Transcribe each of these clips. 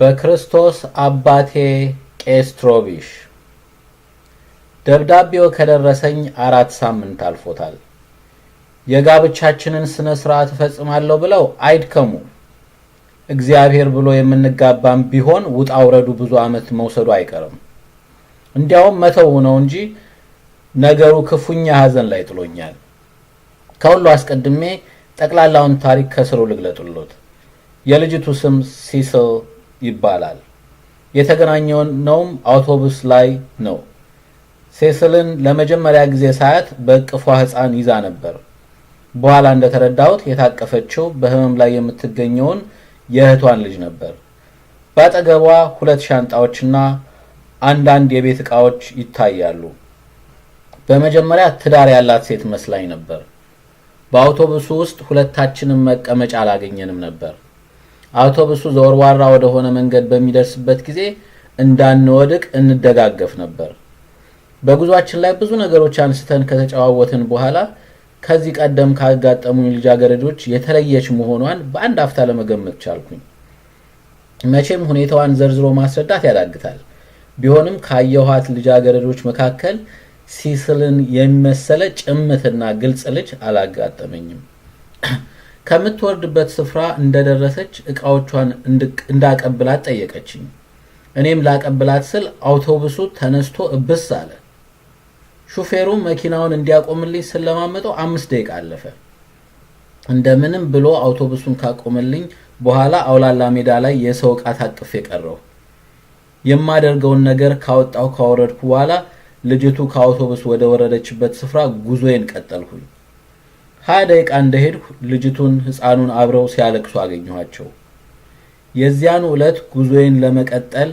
በክርስቶስ አባቴ ቄስትሮቪሽ ደብዳቤው ከደረሰኝ አራት ሳምንት አልፎታል። የጋብቻችንን ስነ ስርዓት እፈጽማለሁ ብለው አይድከሙ። እግዚአብሔር ብሎ የምንጋባም ቢሆን ውጣ ውረዱ ብዙ ዓመት መውሰዱ አይቀርም። እንዲያውም መተው ነው እንጂ ነገሩ ክፉኛ ሐዘን ላይ ጥሎኛል። ከሁሉ አስቀድሜ ጠቅላላውን ታሪክ ከስሩ ልግለጡሎት። የልጅቱ ስም ሲስል ይባላል። የተገናኘነውም አውቶቡስ ላይ ነው። ሴስልን ለመጀመሪያ ጊዜ ሳያት በእቅፏ ሕፃን ይዛ ነበር። በኋላ እንደተረዳሁት የታቀፈችው በህመም ላይ የምትገኘውን የእህቷን ልጅ ነበር። በአጠገቧ ሁለት ሻንጣዎችና አንዳንድ የቤት ዕቃዎች ይታያሉ። በመጀመሪያ ትዳር ያላት ሴት መስላኝ ነበር። በአውቶቡሱ ውስጥ ሁለታችንም መቀመጫ አላገኘንም ነበር። አውቶቡሱ ዘወርዋራ ወደሆነ መንገድ በሚደርስበት ጊዜ እንዳንወድቅ እንደጋገፍ ነበር። በጉዟችን ላይ ብዙ ነገሮች አንስተን ከተጨዋወትን በኋላ ከዚህ ቀደም ካጋጠሙኝ ልጃገረዶች የተለየች መሆኗን በአንድ አፍታ ለመገመት ቻልኩኝ። መቼም ሁኔታዋን ዘርዝሮ ማስረዳት ያዳግታል። ቢሆንም ካየኋት ልጃገረዶች መካከል ሲስልን የመሰለ ጭምትና ግልጽ ልጅ አላጋጠመኝም። ከምትወርድበት ስፍራ እንደደረሰች እቃዎቿን እንዳቀብላት ጠየቀችኝ። እኔም ላቀብላት ስል አውቶቡሱ ተነስቶ እብስ አለ። ሹፌሩ መኪናውን እንዲያቆምልኝ ስለማመጠው አምስት ደቂቃ አለፈ። እንደምንም ብሎ አውቶቡሱን ካቆመልኝ በኋላ አውላላ ሜዳ ላይ የሰው ዕቃ ታቅፌ ቀረው። የማደርገውን ነገር ካወጣው ካወረድኩ በኋላ ልጅቱ ከአውቶቡስ ወደ ወረደችበት ስፍራ ጉዞዬን ቀጠልሁኝ። ሀያ ደቂቃ እንደሄድኩ ልጅቱን ህፃኑን አብረው ሲያለቅሱ አገኘኋቸው። የዚያኑ ዕለት ጉዞዬን ለመቀጠል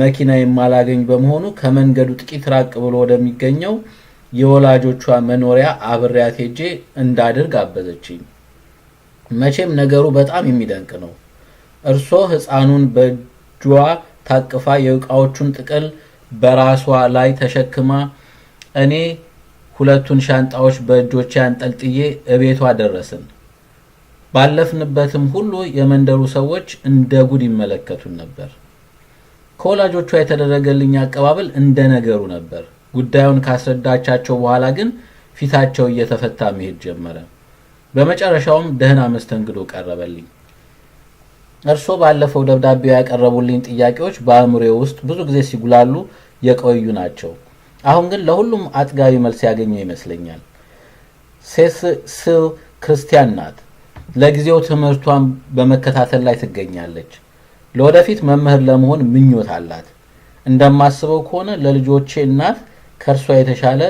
መኪና የማላገኝ በመሆኑ ከመንገዱ ጥቂት ራቅ ብሎ ወደሚገኘው የወላጆቿ መኖሪያ አብሬያት ሄጄ እንዳድር አበዘችኝ። መቼም ነገሩ በጣም የሚደንቅ ነው። እርሶ ህፃኑን በእጇ ታቅፋ የዕቃዎቹን ጥቅል በራሷ ላይ ተሸክማ እኔ ሁለቱን ሻንጣዎች በእጆቼ አንጠልጥዬ እቤቷ ደረስን። ባለፍንበትም ሁሉ የመንደሩ ሰዎች እንደ ጉድ ይመለከቱን ነበር። ከወላጆቿ የተደረገልኝ አቀባበል እንደ ነገሩ ነበር። ጉዳዩን ካስረዳቻቸው በኋላ ግን ፊታቸው እየተፈታ መሄድ ጀመረ። በመጨረሻውም ደህና መስተንግዶ ቀረበልኝ። እርሶ ባለፈው ደብዳቤው ያቀረቡልኝ ጥያቄዎች በአእምሬ ውስጥ ብዙ ጊዜ ሲጉላሉ የቆዩ ናቸው። አሁን ግን ለሁሉም አጥጋቢ መልስ ያገኘ ይመስለኛል። ስል ክርስቲያን ናት። ለጊዜው ትምህርቷን በመከታተል ላይ ትገኛለች። ለወደፊት መምህር ለመሆን ምኞት አላት። እንደማስበው ከሆነ ለልጆቼ እናት ከእርሷ የተሻለ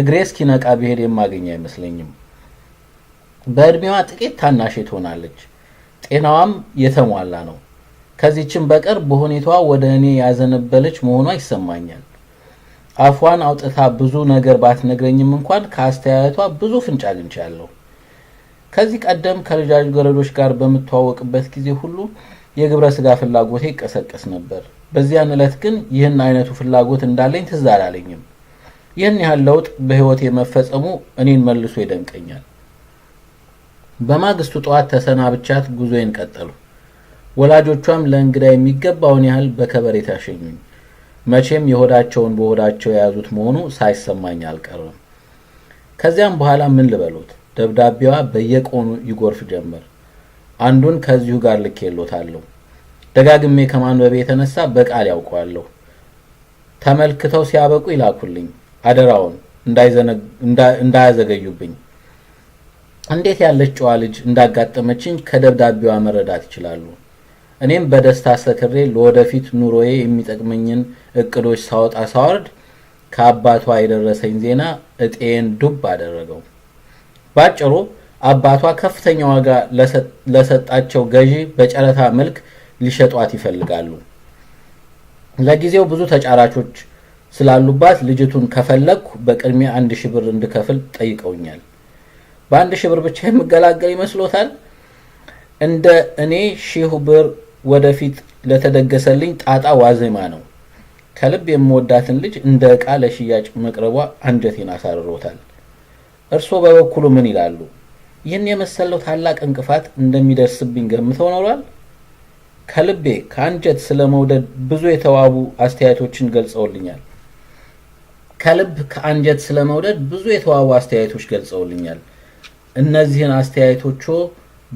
እግሬ እስኪነቃ ብሄድ የማገኝ አይመስለኝም። በእድሜዋ ጥቂት ታናሽ ትሆናለች። ጤናዋም የተሟላ ነው። ከዚህችም በቀር በሁኔታዋ ወደ እኔ ያዘነበለች መሆኗ ይሰማኛል። አፏን አውጥታ ብዙ ነገር ባትነግረኝም እንኳን ከአስተያየቷ ብዙ ፍንጭ አግኝቻለሁ። ከዚህ ቀደም ገረዶች ጋር በምተዋወቅበት ጊዜ ሁሉ የግብረ ስጋ ፍላጎቴ ይቀሰቀስ ነበር። በዚያን ዕለት ግን ይህን አይነቱ ፍላጎት እንዳለኝ ትዝ አላለኝም። ይህን ያህል ለውጥ በሕይወቴ መፈጸሙ እኔን መልሶ ይደንቀኛል። በማግስቱ ጠዋት ተሰናብቻት ጉዞዬን ቀጠሉ። ወላጆቿም ለእንግዳ የሚገባውን ያህል በከበሬታ ሸኙኝ። መቼም የሆዳቸውን በሆዳቸው የያዙት መሆኑ ሳይሰማኝ አልቀርም። ከዚያም በኋላ ምን ልበሎት፣ ደብዳቤዋ በየቆኑ ይጎርፍ ጀመር። አንዱን ከዚሁ ጋር ልኬሎታለሁ። ደጋግሜ ከማንበብ የተነሳ በቃል ያውቀዋለሁ። ተመልክተው ሲያበቁ ይላኩልኝ። አደራውን እንዳያዘገዩብኝ። እንዴት ያለች ጨዋ ልጅ እንዳጋጠመችኝ ከደብዳቤዋ መረዳት ይችላሉ። እኔም በደስታ ሰክሬ ለወደፊት ኑሮዬ የሚጠቅመኝን እቅዶች ሳወጣ ሳወርድ ከአባቷ የደረሰኝ ዜና እጤን ዱብ አደረገው። ባጭሩ አባቷ ከፍተኛ ዋጋ ለሰጣቸው ገዢ በጨረታ መልክ ሊሸጧት ይፈልጋሉ። ለጊዜው ብዙ ተጫራቾች ስላሉባት ልጅቱን ከፈለግኩ በቅድሚያ አንድ ሺህ ብር እንድከፍል ጠይቀውኛል። በአንድ ሺህ ብር ብቻ የምገላገል ይመስሎታል? እንደ እኔ ሺህ ብር ወደፊት ለተደገሰልኝ ጣጣ ዋዜማ ነው። ከልብ የምወዳትን ልጅ እንደ ዕቃ ለሽያጭ መቅረቧ አንጀቴን አሳርሮታል። እርስዎ በበኩሉ ምን ይላሉ? ይህን የመሰለው ታላቅ እንቅፋት እንደሚደርስብኝ ገምተው ኖሯል? ከልቤ ከአንጀት ስለ መውደድ ብዙ የተዋቡ አስተያየቶችን ገልጸውልኛል። ከልብ ከአንጀት ስለ መውደድ ብዙ የተዋቡ አስተያየቶች ገልጸውልኛል። እነዚህን አስተያየቶቹ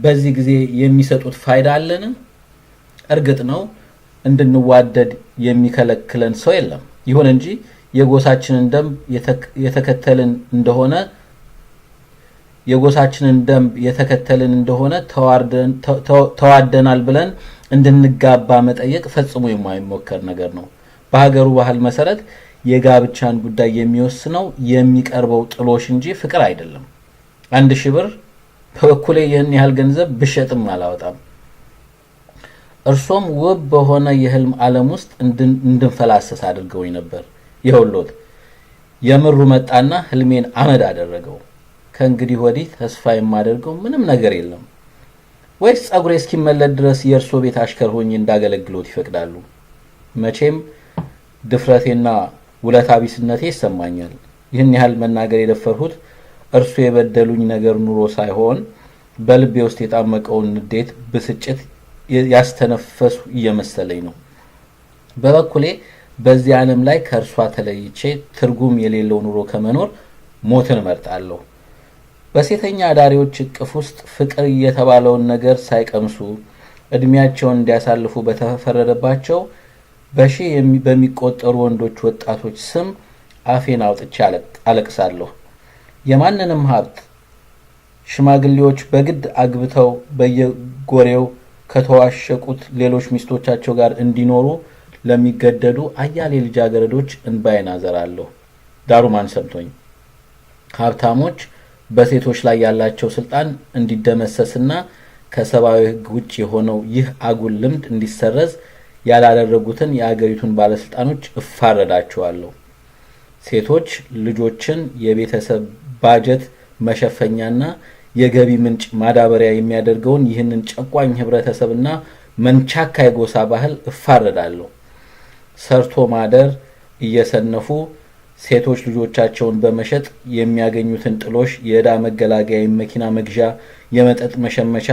በዚህ ጊዜ የሚሰጡት ፋይዳ አለን? እርግጥ ነው እንድንዋደድ የሚከለክለን ሰው የለም። ይሁን እንጂ የጎሳችንን ደንብ የተከተልን እንደሆነ የጎሳችንን ደንብ የተከተልን እንደሆነ ተዋደናል ብለን እንድንጋባ መጠየቅ ፈጽሞ የማይሞከር ነገር ነው። በሀገሩ ባህል መሰረት የጋብቻን ጉዳይ የሚወስነው የሚቀርበው ጥሎሽ እንጂ ፍቅር አይደለም። አንድ ሺህ ብር በበኩሌ ይህን ያህል ገንዘብ ብሸጥም አላወጣም። እርሶም ውብ በሆነ የህልም ዓለም ውስጥ እንድንፈላሰስ አድርገውኝ ነበር። ይኸውልዎት የምሩ መጣና ህልሜን አመድ አደረገው። ከእንግዲህ ወዲህ ተስፋ የማደርገው ምንም ነገር የለም። ወይስ ጸጉሬ እስኪመለድ ድረስ የእርሶ ቤት አሽከር ሆኜ እንዳገለግሎት ይፈቅዳሉ? መቼም ድፍረቴና ውለታ ቢስነቴ ይሰማኛል። ይህን ያህል መናገር የደፈርሁት እርሱ የበደሉኝ ነገር ኑሮ ሳይሆን በልቤ ውስጥ የጣመቀውን ንዴት፣ ብስጭት ያስተነፈሱ እየመሰለኝ ነው። በበኩሌ በዚህ ዓለም ላይ ከእርሷ ተለይቼ ትርጉም የሌለው ኑሮ ከመኖር ሞትን እመርጣለሁ። በሴተኛ አዳሪዎች እቅፍ ውስጥ ፍቅር የተባለውን ነገር ሳይቀምሱ እድሜያቸውን እንዲያሳልፉ በተፈረደባቸው በሺህ በሚቆጠሩ ወንዶች ወጣቶች ስም አፌን አውጥቼ አለቅሳለሁ። የማንንም ሀብት ሽማግሌዎች በግድ አግብተው በየጎሬው ከተዋሸቁት ሌሎች ሚስቶቻቸው ጋር እንዲኖሩ ለሚገደዱ አያሌ ልጃገረዶች እንባዬን አዘራለሁ። ማን ሰምቶኝ ሀብታሞች በሴቶች ላይ ያላቸው ስልጣን እንዲደመሰስና ከሰብአዊ ሕግ ውጭ የሆነው ይህ አጉል ልምድ እንዲሰረዝ ያላደረጉትን የአገሪቱን ባለስልጣኖች እፋረዳቸዋለሁ። ሴቶች ልጆችን የቤተሰብ ባጀት መሸፈኛና የገቢ ምንጭ ማዳበሪያ የሚያደርገውን ይህንን ጨቋኝ ህብረተሰብና መንቻካ የጎሳ ባህል እፋረዳለሁ። ሰርቶ ማደር እየሰነፉ ሴቶች ልጆቻቸውን በመሸጥ የሚያገኙትን ጥሎሽ የዕዳ መገላገያ፣ የመኪና መግዣ፣ የመጠጥ መሸመቻ፣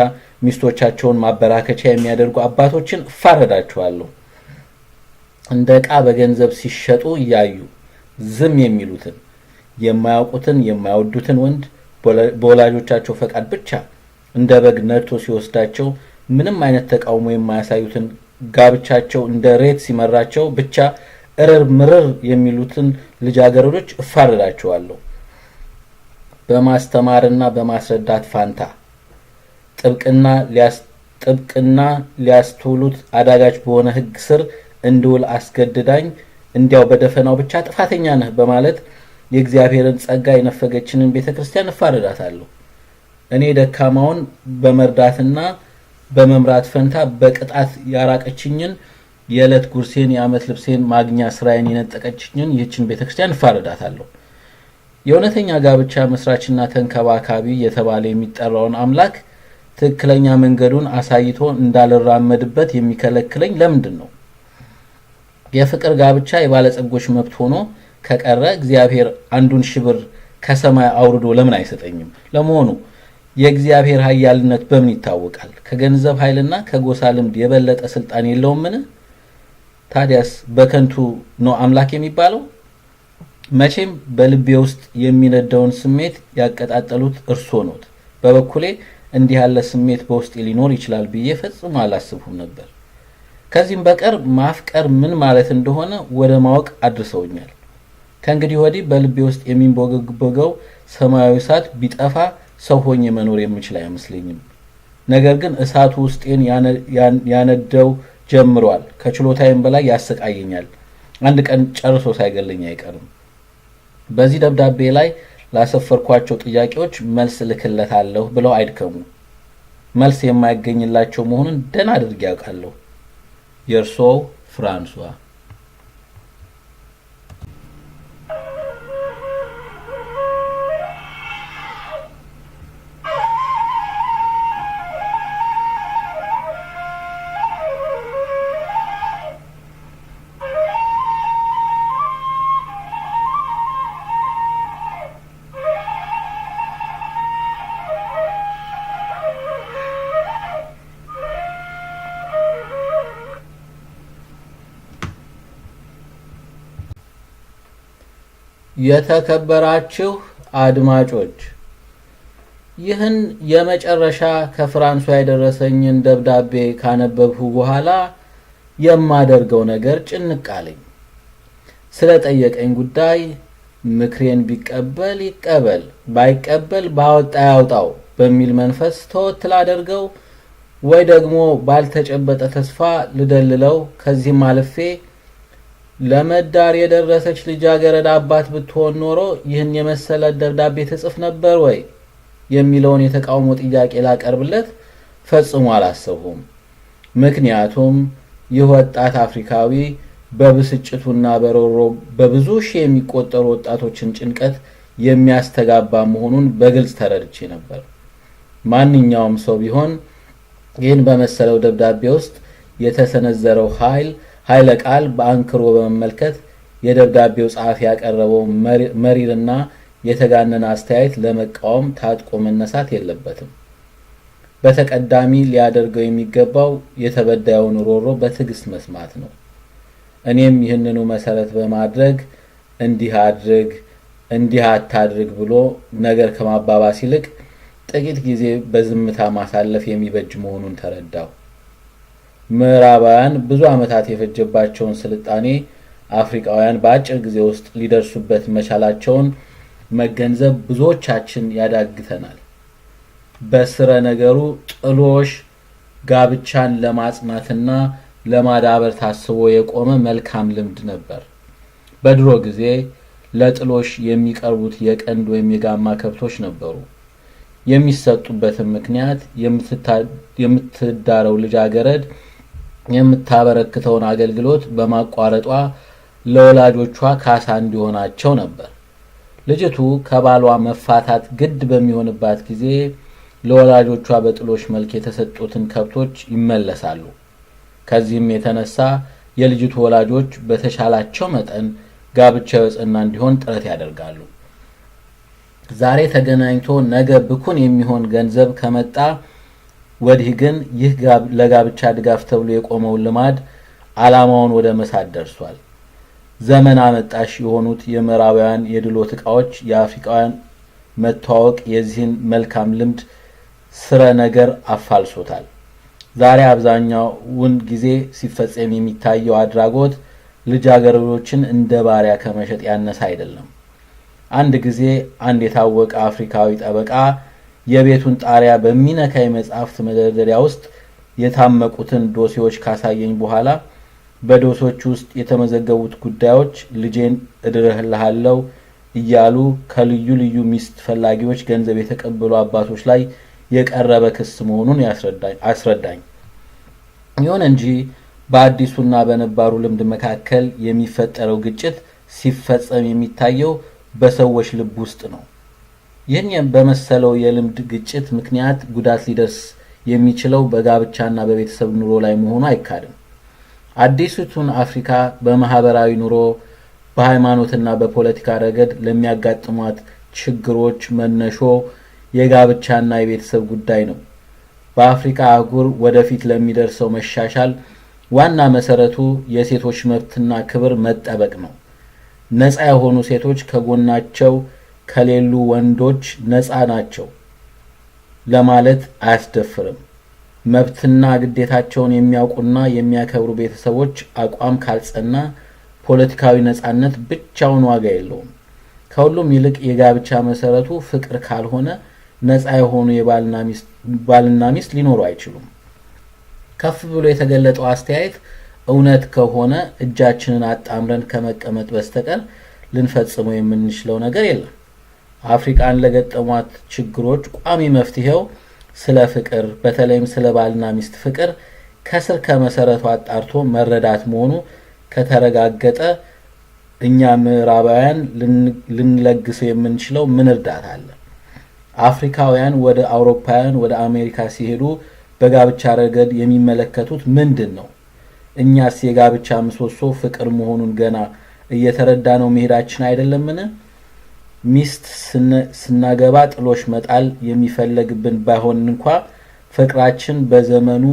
ሚስቶቻቸውን ማበራከቻ የሚያደርጉ አባቶችን እፋረዳችኋለሁ። እንደ ዕቃ በገንዘብ ሲሸጡ እያዩ ዝም የሚሉትን የማያውቁትን የማይወዱትን ወንድ በወላጆቻቸው ፈቃድ ብቻ እንደ በግ ነድቶ ሲወስዳቸው ምንም አይነት ተቃውሞ የማያሳዩትን ጋብቻቸው እንደ ሬት ሲመራቸው ብቻ እርር ምርር የሚሉትን ልጃገረዶች እፋረዳቸዋለሁ። በማስተማርና በማስረዳት ፋንታ ጥብቅና ጥብቅና ሊያስተውሉት አዳጋች በሆነ ሕግ ስር እንድውል አስገድዳኝ እንዲያው በደፈናው ብቻ ጥፋተኛ ነህ በማለት የእግዚአብሔርን ጸጋ የነፈገችንን ቤተ ክርስቲያን እፋረዳታለሁ። እኔ ደካማውን በመርዳትና በመምራት ፈንታ በቅጣት ያራቀችኝን የዕለት ጉርሴን የዓመት ልብሴን ማግኛ ስራዬን የነጠቀችኝን ይህችን ቤተ ክርስቲያን እፋረዳታለሁ። የእውነተኛ ጋብቻ መስራችና ተንከባካቢ የተባለ የሚጠራውን አምላክ ትክክለኛ መንገዱን አሳይቶ እንዳልራመድበት የሚከለክለኝ ለምንድን ነው? የፍቅር ጋብቻ የባለጸጎች መብት ሆኖ ከቀረ እግዚአብሔር አንዱን ሽብር ከሰማይ አውርዶ ለምን አይሰጠኝም? ለመሆኑ የእግዚአብሔር ኃያልነት በምን ይታወቃል? ከገንዘብ ኃይልና ከጎሳ ልምድ የበለጠ ስልጣን የለውምን? ታዲያስ በከንቱ ነው አምላክ የሚባለው? መቼም በልቤ ውስጥ የሚነደውን ስሜት ያቀጣጠሉት እርስዎ ኖት። በበኩሌ እንዲህ ያለ ስሜት በውስጤ ሊኖር ይችላል ብዬ ፈጽሞ አላስብሁም ነበር። ከዚህም በቀር ማፍቀር ምን ማለት እንደሆነ ወደ ማወቅ አድርሰውኛል። ከእንግዲህ ወዲህ በልቤ ውስጥ የሚንቦገግበገው ሰማያዊ እሳት ቢጠፋ ሰው ሆኜ መኖር የምችል አይመስለኝም። ነገር ግን እሳቱ ውስጤን ያነደው ጀምሯል። ከችሎታዬም በላይ ያሰቃየኛል። አንድ ቀን ጨርሶ ሳይገለኝ አይቀርም። በዚህ ደብዳቤ ላይ ላሰፈርኳቸው ጥያቄዎች መልስ አለሁ ብለው አይድከሙ። መልስ የማይገኝላቸው መሆኑን ደህና አድርጌ ያውቃለሁ። የእርስዎ ፍራንሷ የተከበራችሁ አድማጮች ይህን የመጨረሻ ከፍራንሷ የደረሰኝን ደብዳቤ ካነበብሁ በኋላ የማደርገው ነገር ጭንቃለኝ። ስለጠየቀኝ ጉዳይ ምክሬን ቢቀበል ይቀበል፣ ባይቀበል ባወጣ ያውጣው በሚል መንፈስ ተወት ላደርገው ወይ ደግሞ ባልተጨበጠ ተስፋ ልደልለው ከዚህም አልፌ ለመዳር የደረሰች ልጃገረድ አባት ብትሆን ኖሮ ይህን የመሰለ ደብዳቤ ትጽፍ ነበር ወይ የሚለውን የተቃውሞ ጥያቄ ላቀርብለት ፈጽሞ አላሰብሁም። ምክንያቱም ይህ ወጣት አፍሪካዊ በብስጭቱና በሮሮ በብዙ ሺህ የሚቆጠሩ ወጣቶችን ጭንቀት የሚያስተጋባ መሆኑን በግልጽ ተረድቼ ነበር። ማንኛውም ሰው ቢሆን ይህን በመሰለው ደብዳቤ ውስጥ የተሰነዘረው ኃይል ኃይለ ቃል በአንክሮ በመመልከት የደብዳቤው ጸሐፊ ያቀረበው መሪርና የተጋነነ አስተያየት ለመቃወም ታጥቆ መነሳት የለበትም። በተቀዳሚ ሊያደርገው የሚገባው የተበዳዩን ሮሮ በትዕግስት መስማት ነው። እኔም ይህንኑ መሰረት በማድረግ እንዲህ አድርግ እንዲህ አታድርግ ብሎ ነገር ከማባባስ ይልቅ ጥቂት ጊዜ በዝምታ ማሳለፍ የሚበጅ መሆኑን ተረዳሁ። ምዕራባውያን ብዙ ዓመታት የፈጀባቸውን ስልጣኔ አፍሪቃውያን በአጭር ጊዜ ውስጥ ሊደርሱበት መቻላቸውን መገንዘብ ብዙዎቻችን ያዳግተናል። በስረ ነገሩ ጥሎሽ ጋብቻን ለማጽናትና ለማዳበር ታስቦ የቆመ መልካም ልምድ ነበር። በድሮ ጊዜ ለጥሎሽ የሚቀርቡት የቀንድ ወይም የጋማ ከብቶች ነበሩ። የሚሰጡበትም ምክንያት የምትዳረው ልጃገረድ የምታበረክተውን አገልግሎት በማቋረጧ ለወላጆቿ ካሳ እንዲሆናቸው ነበር። ልጅቱ ከባሏ መፋታት ግድ በሚሆንባት ጊዜ ለወላጆቿ በጥሎሽ መልክ የተሰጡትን ከብቶች ይመለሳሉ። ከዚህም የተነሳ የልጅቱ ወላጆች በተሻላቸው መጠን ጋብቻ የጸና እንዲሆን ጥረት ያደርጋሉ። ዛሬ ተገናኝቶ ነገ ብኩን የሚሆን ገንዘብ ከመጣ ወዲህ ግን ይህ ለጋብቻ ድጋፍ ተብሎ የቆመው ልማድ ዓላማውን ወደ መሳት ደርሷል። ዘመን አመጣሽ የሆኑት የምዕራባውያን የድሎት ዕቃዎች የአፍሪካውያን መተዋወቅ የዚህን መልካም ልምድ ስረ ነገር አፋልሶታል። ዛሬ አብዛኛውን ጊዜ ሲፈጸም የሚታየው አድራጎት ልጃገረዶችን እንደ ባሪያ ከመሸጥ ያነሰ አይደለም። አንድ ጊዜ አንድ የታወቀ አፍሪካዊ ጠበቃ የቤቱን ጣሪያ በሚነካ የመጽሐፍት መደርደሪያ ውስጥ የታመቁትን ዶሴዎች ካሳየኝ በኋላ በዶሶች ውስጥ የተመዘገቡት ጉዳዮች ልጄን እድርህልሃለው እያሉ ከልዩ ልዩ ሚስት ፈላጊዎች ገንዘብ የተቀበሉ አባቶች ላይ የቀረበ ክስ መሆኑን አስረዳኝ። ይሁን እንጂ በአዲሱና በነባሩ ልምድ መካከል የሚፈጠረው ግጭት ሲፈጸም የሚታየው በሰዎች ልብ ውስጥ ነው። ይህን በመሰለው የልምድ ግጭት ምክንያት ጉዳት ሊደርስ የሚችለው በጋብቻና በቤተሰብ ኑሮ ላይ መሆኑ አይካድም። አዲሲቱን አፍሪካ በማህበራዊ ኑሮ፣ በሃይማኖትና በፖለቲካ ረገድ ለሚያጋጥሟት ችግሮች መነሾ የጋብቻና የቤተሰብ ጉዳይ ነው። በአፍሪካ አህጉር ወደፊት ለሚደርሰው መሻሻል ዋና መሰረቱ የሴቶች መብትና ክብር መጠበቅ ነው። ነፃ የሆኑ ሴቶች ከጎናቸው ከሌሉ ወንዶች ነፃ ናቸው ለማለት አያስደፍርም። መብትና ግዴታቸውን የሚያውቁና የሚያከብሩ ቤተሰቦች አቋም ካልጸና ፖለቲካዊ ነፃነት ብቻውን ዋጋ የለውም። ከሁሉም ይልቅ የጋብቻ መሰረቱ ፍቅር ካልሆነ ነፃ የሆኑ ባልና ሚስት ሊኖሩ አይችሉም። ከፍ ብሎ የተገለጠው አስተያየት እውነት ከሆነ እጃችንን አጣምረን ከመቀመጥ በስተቀር ልንፈጽመው የምንችለው ነገር የለም። አፍሪቃን ለገጠሟት ችግሮች ቋሚ መፍትሄው ስለ ፍቅር በተለይም ስለ ባልና ሚስት ፍቅር ከስር ከመሰረቱ አጣርቶ መረዳት መሆኑ ከተረጋገጠ እኛ ምዕራባውያን ልንለግሰው የምንችለው ምን እርዳታ አለ? አፍሪካውያን ወደ አውሮፓውያን ወደ አሜሪካ ሲሄዱ በጋብቻ ረገድ የሚመለከቱት ምንድን ነው? እኛስ የጋብቻ ምሰሶ ፍቅር መሆኑን ገና እየተረዳ ነው መሄዳችን አይደለምን? ሚስት ስናገባ ጥሎሽ መጣል የሚፈለግብን ባይሆን እንኳ ፍቅራችን በዘመኑ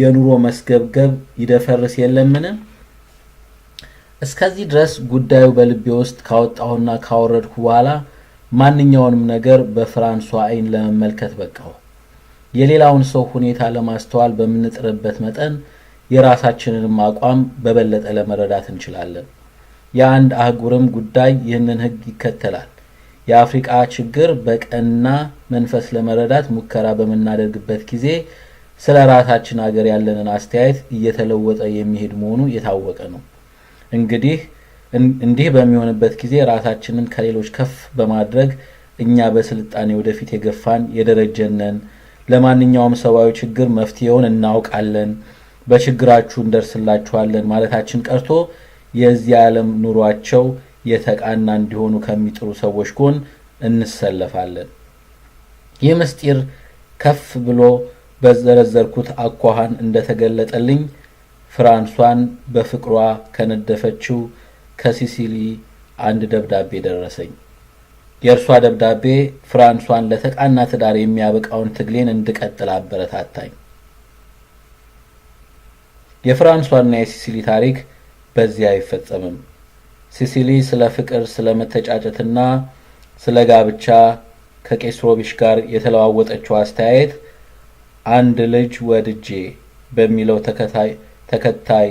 የኑሮ መስገብገብ ይደፈርስ የለምን? እስከዚህ ድረስ ጉዳዩ በልቤ ውስጥ ካወጣሁና ካወረድኩ በኋላ ማንኛውንም ነገር በፍራንሷ አይን ለመመልከት በቃው የሌላውን ሰው ሁኔታ ለማስተዋል በምንጥርበት መጠን የራሳችንንም አቋም በበለጠ ለመረዳት እንችላለን። የአንድ አህጉርም ጉዳይ ይህንን ሕግ ይከተላል። የአፍሪቃ ችግር በቀና መንፈስ ለመረዳት ሙከራ በምናደርግበት ጊዜ ስለ ራሳችን ሀገር ያለንን አስተያየት እየተለወጠ የሚሄድ መሆኑ የታወቀ ነው። እንግዲህ እንዲህ በሚሆንበት ጊዜ ራሳችንን ከሌሎች ከፍ በማድረግ እኛ በስልጣኔ ወደፊት የገፋን የደረጀነን፣ ለማንኛውም ሰብአዊ ችግር መፍትሄውን እናውቃለን፣ በችግራችሁ እንደርስላችኋለን ማለታችን ቀርቶ የዚህ ዓለም ኑሯቸው የተቃና እንዲሆኑ ከሚጥሩ ሰዎች ጎን እንሰለፋለን። ይህ ምስጢር ከፍ ብሎ በዘረዘርኩት አኳኋን እንደተገለጠልኝ ፍራንሷን በፍቅሯ ከነደፈችው ከሲሲሊ አንድ ደብዳቤ ደረሰኝ። የእርሷ ደብዳቤ ፍራንሷን ለተቃና ትዳር የሚያበቃውን ትግሌን እንድቀጥል አበረታታኝ። የፍራንሷና የሲሲሊ ታሪክ በዚህ አይፈጸምም። ሲሲሊ ስለ ፍቅር፣ ስለ መተጫጨትና ስለ ጋብቻ ከቄስ ሮቢሽ ጋር የተለዋወጠችው አስተያየት አንድ ልጅ ወድጄ በሚለው ተከታይ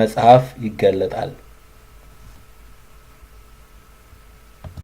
መጽሐፍ ይገለጣል።